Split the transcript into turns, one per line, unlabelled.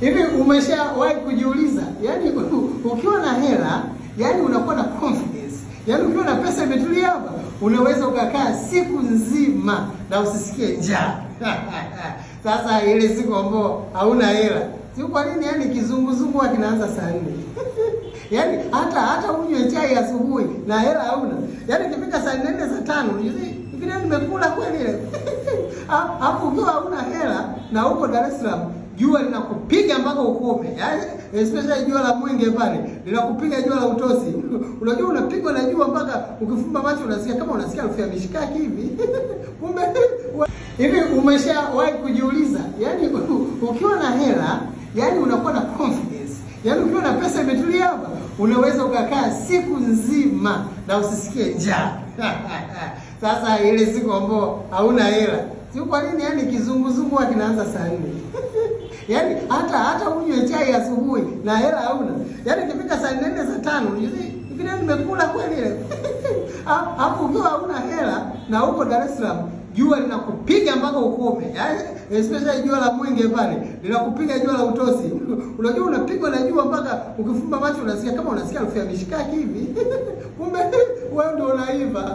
Hivi umeshawahi kujiuliza, yaani ukiwa na hela, yaani unakuwa na confidence, yaani ukiwa na pesa imetulia hapa, unaweza ukakaa siku nzima na usisikie njaa. Sasa ile siku ambayo hauna hela, si kwa nini? Yaani kizunguzungu kinaanza saa nne yaani hata hata unywe chai asubuhi na hela hauna, yaani ikifika saa nne saa tano nimekula kweli ile hapo ukiwa hauna hela na huko Dar es Salaam, jua linakupiga mpaka ukome, yaani especially jua la mwenge pale linakupiga jua la utosi. Unajua unapigwa na jua mpaka ukifumba macho unasikia kama unasikia harufu ya mishikaki hivi kumbe hivi. Umeshawahi kujiuliza, yaani ukiwa na hela, yaani unakuwa na confidence, yaani ukiwa na pesa imetulia hapa, unaweza ukakaa siku nzima na usisikie njaa. Sasa ile siku ambayo hauna hela kwa nini yani kizunguzungu kinaanza saa nne? Yaani hata hata unywe chai asubuhi na hela hauna. Yaani kifika saa nne saa tano vile nimekula kweli ile. Hapo ukiwa hauna hela na huko Dar es Salaam jua linakupiga mpaka ukome. Yaani especially jua la mwenge pale linakupiga jua la utosi. Unajua unapigwa na jua mpaka ukifumba macho unasikia kama unasikia harufu ya mishikaki hivi. Kumbe wewe ndio unaiva.